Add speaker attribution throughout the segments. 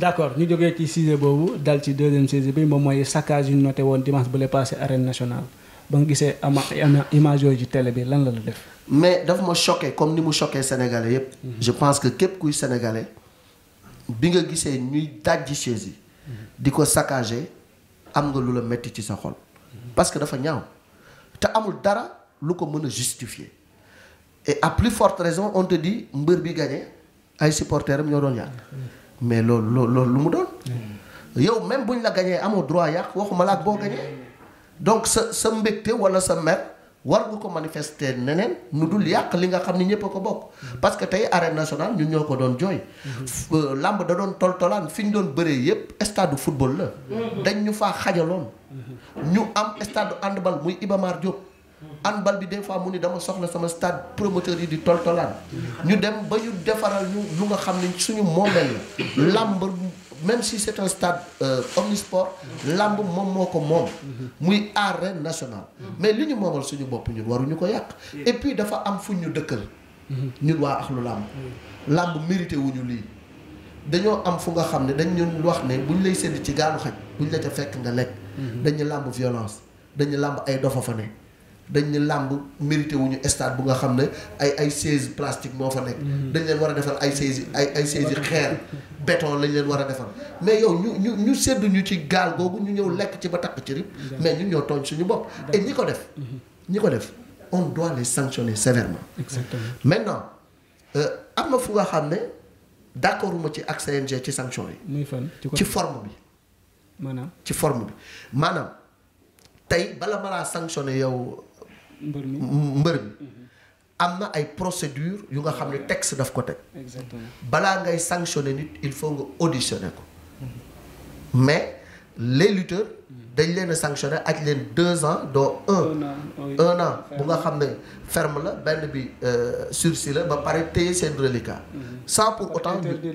Speaker 1: d'accord ñu jógee ci sujet boobu dal ci deuxième sujet bi moom mooy saccage yu ñu noté woon dimanche bu lay passé arène nationale ba nga gisee ama image yooyu ci télé bi lan la la def.
Speaker 2: mais daf ma choqué comme ni mu choqué sénégalais yépp mhm. je pense que képp kuy sénégalais bi nga gisee ñuy dajji chaise yi. Mhm. di ko saccagé am nga lu la metti ci sa xol. Mhm. parce que dafa ñaaw te amul dara lu ko mën a justifier et à plus forte raison on di mbër bi gagné ay supporters am ñoo doon yàq. mais loolu loolu loolu lu mu doon. Mm. yow même ñu la gañee amoo droit yàq waxuma la ak boo gañee donc sa sa mbégte wala sa mer war nga ko manifester neneen nu dul yàq li nga xam ni ñëpp a ko bokk. Mm. parce que tey arène nationale ñun ñoo ko doon jooy. Mm-hmm. Euh, làmb da doon toltolaan fi ñu doon bëree yëpp stade football la. Mm-hmm. dañ ñu fa xajaloon. Mm-hmm. ñu am stade handball muy Iba Mar an bal bi des fois mu ni dama soxla sama stade promoteur yi di toltolaan ñu dem ba ñu defaral ñu nga xam ne suñu moomeel la làmb même si c'est un stade euh, omnisport làmb moom moo ko moom muy arène nationale mais li ñu moomal suñu bopp ñun waruñu ko yàq et puis dafa am fuñ ñu dëkkal ñun waa axlu làmb làmb mérité wuñu lii dañoo am fu nga xam ne dañ ñun wax ne buñ lay sédd ci gaanu xaj ñu la ca fekk nga lekk mm-hmm. dañu làmb violence dañu làmb ay dofa dañ ne làmb mérité wuñu stade bu nga xam ne ay ay chaise plastique moo fa nekk. Mm-hmm. dañ leen war a defal ay chaise ay ay chaise xeer béton lañ leen war a defal mais yow ñu ñu ñu séddu ñu ci gaal googu ñu ñëw lekk ci ba takk ci rib mais ñun ñoo tooñ suñu bopp. et ñi ko def. Mm-hmm. ñi ko def on doit les sanctionner sévèrement. exactement maintenant euh, am na fu nga xam ne d' accord ma ci ak CNG ci sanction yi. muy fan ci forme bi. maanaam ci forme bi maanaam tey bala ma laa sanctionné yow. mbër mi mbër mhm. am na ay procédure yu nga xam ne texte daf ko teg balaa ngay sanctionner nit il faut nga auditionner ko mhm. mais les lutteurs mhm. dañ leen a ak leen deux ans dont un un an bu nga xam ne ferme la benn bi euh, sursis la ba pare téye seen reliquat sans pour autant interdit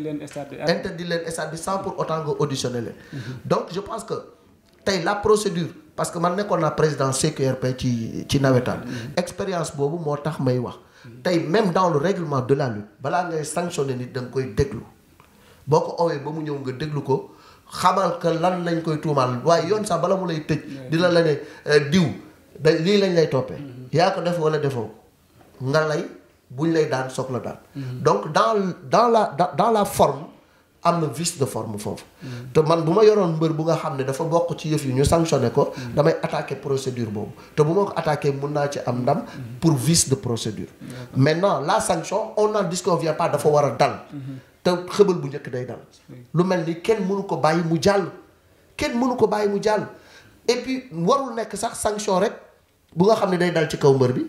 Speaker 2: leen stade bi sans pour autant nga auditionner leen donc je pense que tey la procédure parce que man nekkoon naa président CQRP ci ci nawetaan mm-hmm. expérience boobu moo tax may wax tey même dans le règlement de la balaa ngay sanctionner nit da nga koy déglu boo ko owee ba mu ñëw nga déglu ko xamal que lan lañ koy tuumaal waaye yoon sax bala mu lay tëj dina la ne euh, diw da lii lañ lay toppee mm-hmm. yaa ko def walla defoo nga lay buñ lay daan soog la daan mm-hmm. donc dans dans la dans la forme am na vice de forme foofu. te man bu ma yoroon mbër bu nga xam ne dafa bokk ci yëf yi ñu sanctionné ko. damay attaqué procédure boobu te bu ma ko attaqué mun naa ci am ndam. pour vice de procédure. maintenant la sanction on n'en disconvient pas dafa war a dal. te xëbal bu njëkk day dal. lu mel ni kenn mënu ko bàyyi mu jàll. kenn mënu ko bàyyi mu jàll et puis warul nekk sax sanction rek bu nga xam ne day dal ci kaw mbër bi.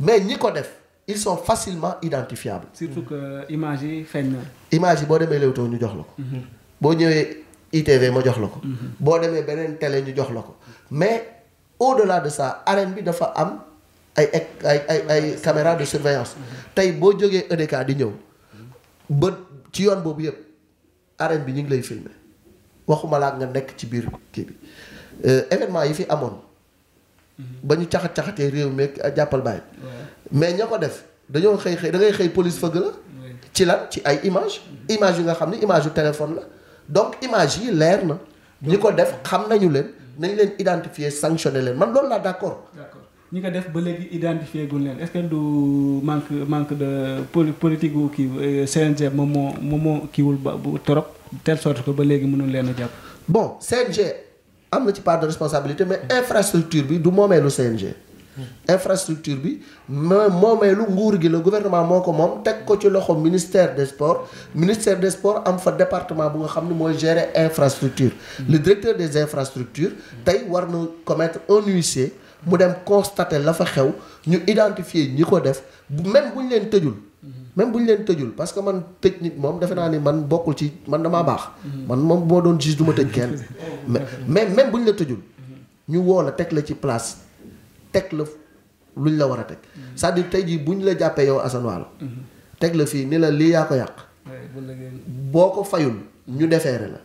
Speaker 2: mais ñi ko def. il sont facilement identifiables.
Speaker 1: surtout que image yi feeñ na.
Speaker 2: image yi boo demee Leewtoo ñu jox la ko. Mhm. boo ñëwee ITV ma jox la ko. Mhm. boo demee beneen télé ñu jox la ko mais au la de ça arène bi dafa am ay ay ay ay caméra de surveillance mhm. tey boo jógee EDK di ñëw bët ci yoon boobu yëpp arène bi ñu ngi lay filmer waxuma laa nga nekk ci biir kii bi euh, événement yi fi amoon. ba ñu caxat caxatee réew mi a jàppal bàyyi. mais ña ko def dañoo xëy xëy da ngay xëy police fëgg la. ci la ci ay image mm-hmm. image yi nga xam ne image yu téléphone la donc image yi leer na. ñi ko def xam nañu leen. Mm-hmm. nañ leen identifier sanctionné leen man loolu laa d'accord. d'accord
Speaker 1: ñi ko def ba léegi identifier guñ leen est-ce que du manque manque de politique wu kii euh, CNG moom moo moom moo kiiwul ba bu trop telle sorte que ba léegi mënul leen a jàpp. bon CNG. am na ci part de responsabilité mais infrastructure
Speaker 2: bi du moomeelu CNG. infrastructure bi mooy moomeelu nguur gi la gouvernement moo ko moom teg ko ci loxo ministère de sports ministère de sports am fa département bu nga xam ne mooy gérer infrastructure. le directeur des infrastructures tey war na commettre un huissier mu dem constater la fa xew ñu identifier ñi ko def même bu ñu leen tëjul. même bu ñu leen tëjul parce que man tëj nit moom defe naa ni man bokkul ci man damaa baax. man moom boo doon gis du ma tëj kenn. mais mais même bu ñu la tëjul. ñu woo la teg la ci place teg la luñ la war a teg. c'est-à-dire tey jii bu ñu la jàppee yow Assane Waalo teg la fii ni la lii yaa ko yàq. boo ko fayul ñu defeere la.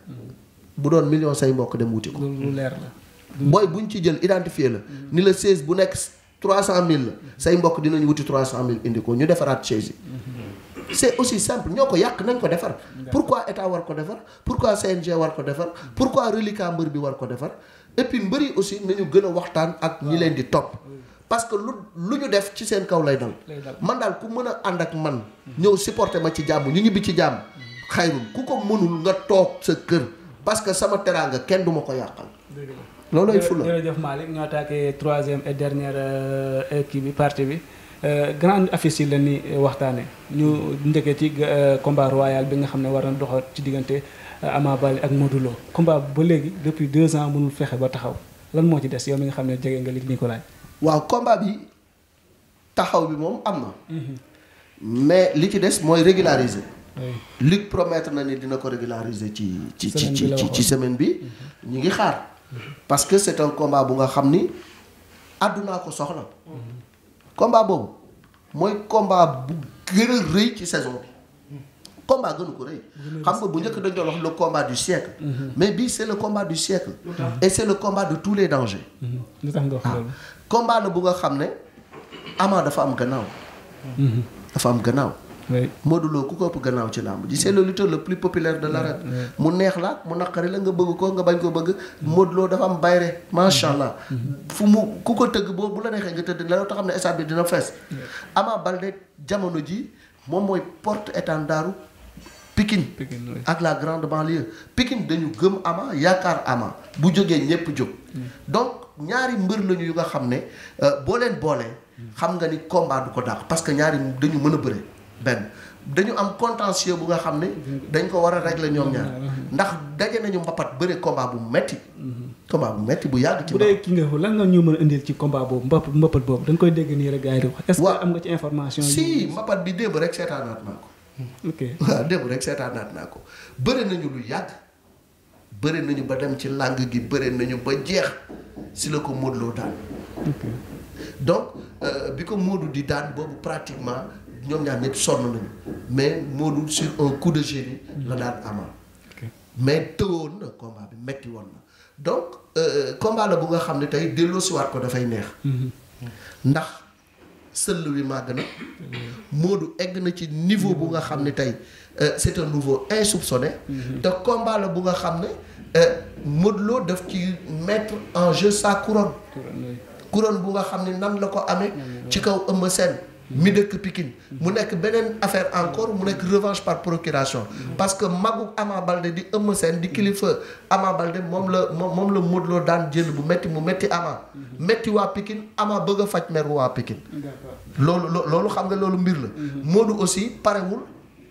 Speaker 2: bu doon million say mbokk dem wuti ko. lu leer la. booy ci jël identifier la. ni la 16 bu nekk 300000 la. say mbokk dinañ wuti 300000 indi ko ñu defaraat chaise yi. c'est aussi simple ñoo ko yàq nañ ko defar pourquoi état war ko defar pourquoi CNG war ko defar pourquoi reliquat mbër bi war ko defar et puis mbëri aussi nañu gën a waxtaan ak ñi leen di topp parce que lu lu ñu def ci seen kaw lay dal man daal ku mën a ànd ak man hmm. ñëw supporter ma ci jàmm ñu ñibbi ci jàmm hmm. xayrul ku ko mënul nga toog sa kër parce que sama teraanga kenn du ma ko yàqal
Speaker 1: loolooy fula jërëjëf Malick ñoo taakee troisième et euh, kii bi partie bi Euh, grande affiche yi la ni waxtaane ñu ndeke ci euh, combat royal bi nga xam ne war na doxal ci diggante euh, Ama Baldé ak Modou combat ba léegi depuis deux ans mënul fexe ba taxaw lan moo ci des yow mi nga xam ne jege nga lig Nicolas waaw combat bi taxaw bi moom am na
Speaker 3: mhm.
Speaker 2: mais li ci des mooy régulariser Luc promettre na ni dina ko régulariser ci ci ci ci semaine bi mhm. ñu ngi xaar parce que c'est un combat bu nga xam ni àddunaa ko soxla mhm. combat boobu mooy combat bu gën a rëy ci saison bi combat gënu ko rëy xam nga bu njëkk dañ doon wax le combat du siècle mhm. mais bi c'est le combat du siècle et c'est le combat de tous les dangers mhm. lu tax nga ah. combat la bu nga xam ne Ama dafa am gannaaw mhm. dafa am gannaaw Modou Lo ku ko ëpp gannaaw ci làmb ji c'est le lutteur le plus populaire de l'arène mu neex la mu naqari la nga bëgg ko nga bañ koo bëgg Modou Lo dafa am bayre macha allah mhm. mhm. fu mu ku ko tëgg boobu bu la neexee nga tëdd la ta xam ne stade bi dina fees Ama Baldé jamono ji moom mooy porte étendard Pikine ak la grande banlieue Pikine dañu gëm Ama yaakaar Ama bu jógee ñépp jóg donc ñaari mbër lañu yu nga xam ne euh, boo leen boolee mm. xam nga ni combat du ko dàq parce que ñaari dañu mën a bëre benn dañu am contentieux bu nga xam ne dañ ko war a régler ñoom ñaar ndax daje nañu mbapat bëre combat bu metti mhm.
Speaker 1: combat bu metti bu yàgg ci bu ki nga lan nga ñu mën a indil ci combat boobu mbapat mbapat boobu dañ koy dégg nii rek gars yi di wax est am nga ci information si
Speaker 2: mbapat bi démb rek seetaanaat naa ko hmm, ok rek seetaanaat naa ko bëre nañu lu yàgg bëre nañu ba dem ci làng gi bëre nañu ba jeex si la ko Modou Lo daan donc euh, bi ko Modou di daan boobu pratiquement ñoom ñaar ñëpp sonn nañu mais Modou sur un coup de génie la daan Ama mais tëwoon na combat bi metti woon na donc euh, combat la bu nga xam ne tey delloosiwaat ko dafay neex mhm. ndax sëll wi màgg na Modou egg na ci niveau bu nga xam ne tey euh, c'est un niveau insoupçonné mhm. te combat bu nga xam ne euh, Modou Lo daf ci mettre en jeu sa couronne couronne bu nga xam ne nan la ko amee ci kaw Eumeu Sène mi dëkk Pikine mu nekk beneen affaire encore mu nekk revanche par procuration parce que magu Ama Baldé di Eumeu seen di kilifa Ama Baldé moom la moom moom la Modou Lo daan jël bu metti mu metti Ama metti waa Pikine Ama bëgg faj mer waa Pikine loolu loolu xam nga loolu mbir la mhm. Modou aussi parewul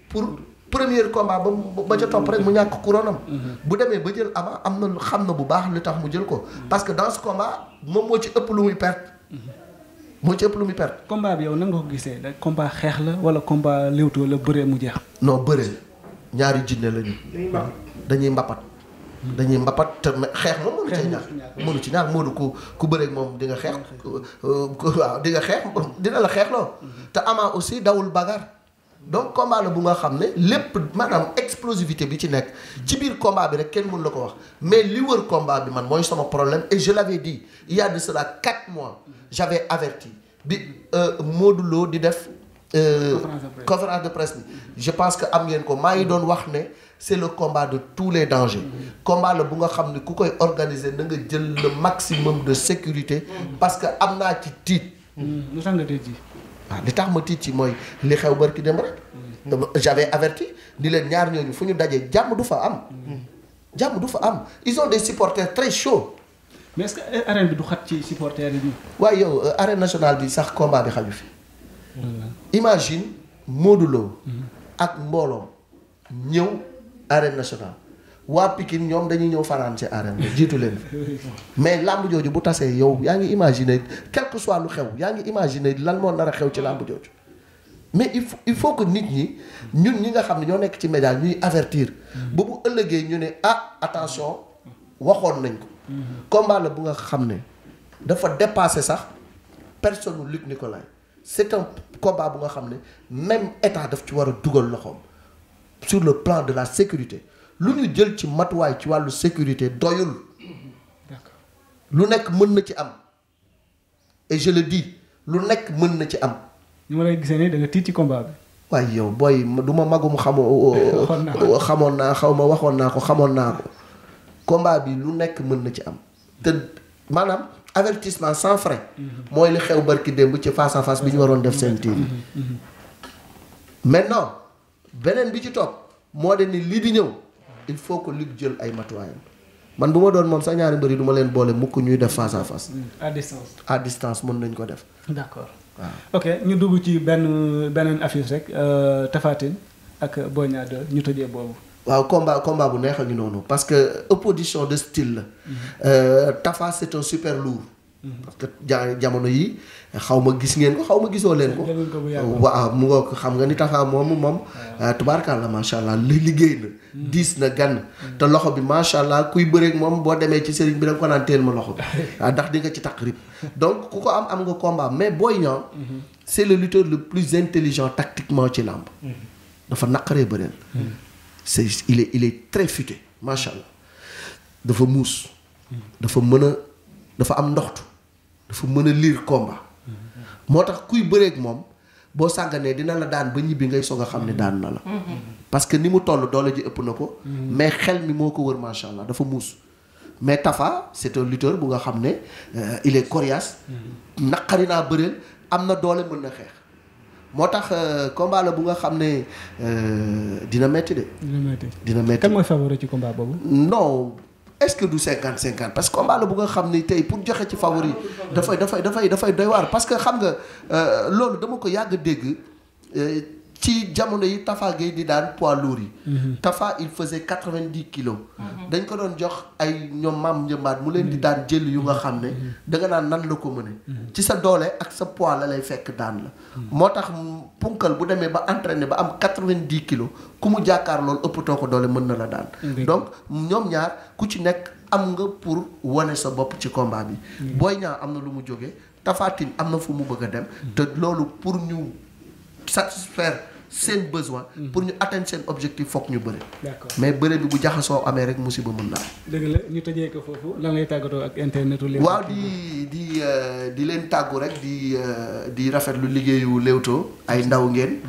Speaker 2: pour premier combat ba ba ca topp rek mu ñàkk couronam mhm. bu demee ba jël Ama am na xam na bu baax li tax mu jël ko mhm. parce que dans ce moom moo ci ëpp
Speaker 1: lu muy perte moo ci ëpp lu muy perte. combat bi yow nan nga ko gisee da combat xeex la wala combat léwtoo la bëree mu jeex. noo bëree ñaari jinne
Speaker 2: la dañuy mbapat dañuy mbapat hmm. te xeex moom mënu ci ñaax mënu ci ñaax mënu ku ku bëreeg moom dinga nga xeex euh, euh, waaw dina la xeex lool. Hmm. te Ama aussi dawul bagar donc combat la bu nga xam ne lépp man am explosivité bi ci nekk ci biir combat bi rek kenn mën la ko wax mais li wër combat bi man mooy sama problème et je l'avais dit il y a de cela quatre di euh, Modou Lo di def. Euh, conférence de presse bi je pense que am ngeen ko maa ngi doon wax ne c'est le combat de tous les dangers combat la bu nga xam ne ku koy organiser na nga jël le maximum de sécurité parce que am naa ci tiit hmm. lu tax nga ah, li tax ma tiit ci mooy li xew barki dem rek j'avais averti ni leen ñaar ñooñu fu ñu dajee jàmm du fa am hmm. jàmm du fa am ils ont des supporters très chauds mais est-ce que arène bi du xat ci supporters yi. waaye yow euh, arène national bi sax combat bi xaju fi. imagine Modou ak mbooloo ñëw arène nationale waa Pikine ñoom dañuy ñëw fanaan ci arène bi jiitu leen mais làmb jooju bu tasee yow yaa ngi imaginer quel soit lu xew yaa ngi imaginer lan moo nar a xew ci làmb jooju mais il faut il faut que nit ñi ñun ñi nga xam ne ñoo nekk ci média ñuy avertir mm. ba bu ëllëgee ñu ne ah attention waxoon nañ ko. combat la bu nga xam ne dafa dépassé sax personne u Luc Nicolaï c'est un combat bu nga xam ne même état daf ci war a dugal loxoom sur le plan de la sécurité lu jël ci matuwaay ci wàllu sécurité doyul lu nekk mën na ci am et je le dis lu nekk mën na ci am. ñu ma lay gisee nii da nga tiit ci combat bi. waaye yow booy du ma magum xamoo. xamoon naa xaw ma waxoon naa ko xamoon naa ko. combat bi lu nekk mën na ci am te maanaam avertissement sans frais mooy li xew barki démb ci face à face bi ñu waroon def seen TV maintenant beneen bi ci topp moo de ni lii di ñëw il faut que Luc
Speaker 1: jël ay matuwaayam
Speaker 2: man bu ma doon moom sa ñaari bëri du ma leen boole mukk ñuy def face à face. à distance à distance mën nañ ko def. d'accord waaw
Speaker 1: ok ñu dugg ci benn beneen affiche rek euh, Tapha Tine ak Boy Niang ñu tëjee boobu.
Speaker 2: waaw combat combat bu neex a ngi noonu parce que opposition de style la.
Speaker 1: Mm-hmm.
Speaker 2: Euh, Tafa c'est un super lourd. Mm-hmm. parce que ja jamono yi xaw ma gis ngeen ko xaw ma gisoo leen ko. waaw mu ngoog xam nga ni Tafa moom moom. la macha allah li liggéey na. Mm-hmm. diis na gan. te loxo bi macha allah kuy bëreeg moom boo demee ci sëriñ bi da ko naan teel ma loxo bi. Ah, ndax di nga ci taq rib donc ku ko am am nga combat mais booy Niang. c'est le lutteur le plus intelligent tactiquement ci làmb. dafa naqaree c'est il est il très futé macha allah dafa muus. dafa mën a dafa am ndoxtu dafa mën a liir combat. moo tax kuy bëreek moom boo sàgganee dina la daan ba ñibbi ngay soog a xam ne daan na la. parce que ni mu toll doole ji ëpp na ko. mais xel mi moo ko wër macha allah dafa muus. mais Tafa c'est un lutteur bu nga xam ne euh, il est
Speaker 1: mm-hmm.
Speaker 2: naqari naa bëreel am na doole mën na xeex. moo tax euh, combat la bu nga xam ne euh, dina metti de.
Speaker 1: dina metti dina metti kan mooy favori ci combat boobu.
Speaker 2: non est-ce que du cinquante cinquante parce que combat bu nga xam ni tey pour joxe ci favori dafay dafay dafay dafay doy waar parce que xam nga euh, loolu dama ko yàgg dégg. ci jamono yi Tafa gee di daan poids lourd yi. Mhm. Tafa il faisait quatre vingt dix kilos. Mhm. dañ ko doon jox ay ñoom maam njëmbaat mu leen di mhm. daan jël yu nga xam ne. danga naan nan la ko mëne ci sa doole ak sa pois la lay fekk daan la. moo tax punkal bu demee ba entraîné ba am quatre vingt dix kilos ku mu jàkkaar loolu ëppatoo ko doole mën na la daan. donc ñoom ñaar ku ci nekk am nga pour wane sa bopp ci kombaa bi. booy ñaar am na lu mu jógee tafaatin am na fu mu bëgg a dem. te satisfaire seen besoin. Mm-hmm. pour ñu atteindre seen objectif foog ñu bëri. d'accord mais bëri bu jaxasoo amee rek musiba mën naa.
Speaker 1: dëgg la ñu tëjee ko foofu lan lay tàggatoo ak internet. waaw di di euh, di leen tàggu rek di euh,
Speaker 2: di rafetlu liggéeyu Leewtoo ay ndaw ngeen.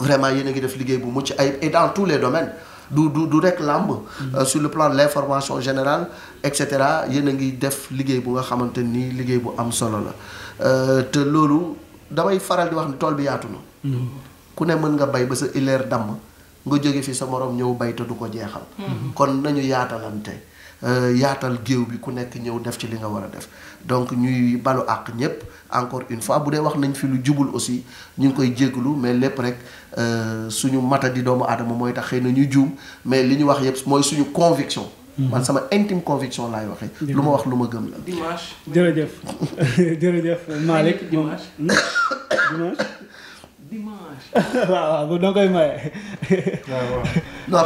Speaker 2: vraiment yéen a ngi def liggéey bu mucc ay et dans tous les domaines. du du du rek làmb. Mm-hmm. Euh, sur le plan de l'information général et cetera yéen a ngi def liggéey bu nga xamante ni liggéey bu am solo la te loolu damay faral di wax ni tool bi yaatu na ku ne mën nga bay ba sa ileer damm nga jóge fi sa moroom ñëw bay te du ko jeexal. Hmm. kon nañu yaatalante euh, yaatal géew bi ku nekk ñëw def ci li nga war a def donc ñuy balu àq ñëpp encore une fois bu dee wax nañ fi lu jubul aussi ñu ngi koy jégalu mais lépp rek euh, suñu mata di doomu aadama mooy tax xëy na ñu juum mais li ñu wax yëpp mooy suñu conviction. Hmm. man sama intime conviction laay waxee. lu ma wax lu ma gëm la. dimanche
Speaker 1: dimanche hmm? dimanche. dimanche. waaw waaw da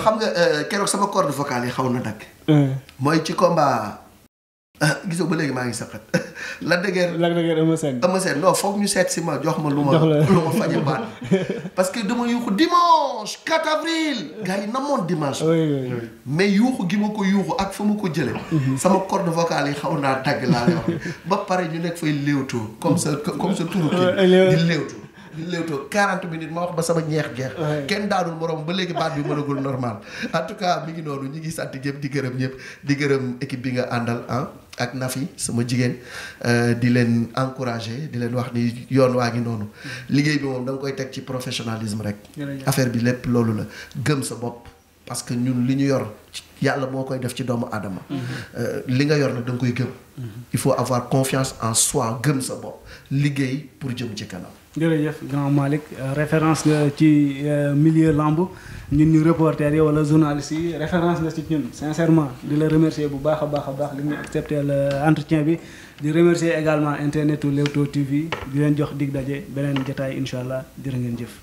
Speaker 1: xam nga euh, keroog sama corde vocale yi xaw
Speaker 2: na dagg. Euh. mooy ci combat. ah gisoo léegi maa ngi saqat la dëgër. la dëgër Eumeu Sène. Eumeu Sène ñu seet si ma jox ma lu ma. parce que dama yuuxu dimanche 4 avril. gars yi gi ma ko yuuxu ak fa ma ko jële mhm. sama corde vocale yi xaw naa dagg laa lay wax ba pare ñu nekk fay léewtoo comme sa turu kii léewtoo. di léewtoo 40 minutes ma wax ba sama ñeex jeex kenn daanul morom ba léegi baat bi mënagul normal en tout mi ngi noonu ñi ngi sant ñëpp di gërëm ñëpp di gërëm équipe bi nga àndal ah ak Nafi sama jigéen euh, di leen encourager di leen wax ni yoon waa ngi noonu mm-hmm. liggéey bi moom da nga koy teg ci professionnalisme rek affaire bi lépp loolu la gëm sa bopp parce que ñun li ñu yor yàlla boo koy def ci doomu aadama. Mhm. Euh, li nga yor nag da nga koy gëm. Mhm. il faut avoir confiance en soi gën sa bopp liggéey pour jëm ci kanam.
Speaker 1: jërëjëf grand Malick euh, référence nga ci euh, milieu lamb ñun ñu reporter yi wala journaliste yi référence nga ci ñun sincèrement di la remercier bu baax a baax a baax li ñu accepté l'entretien bi di remercier également internetu Leewtoo TV di leen jox dig daje beneen jotaay incha allah jërë ngeen jëf.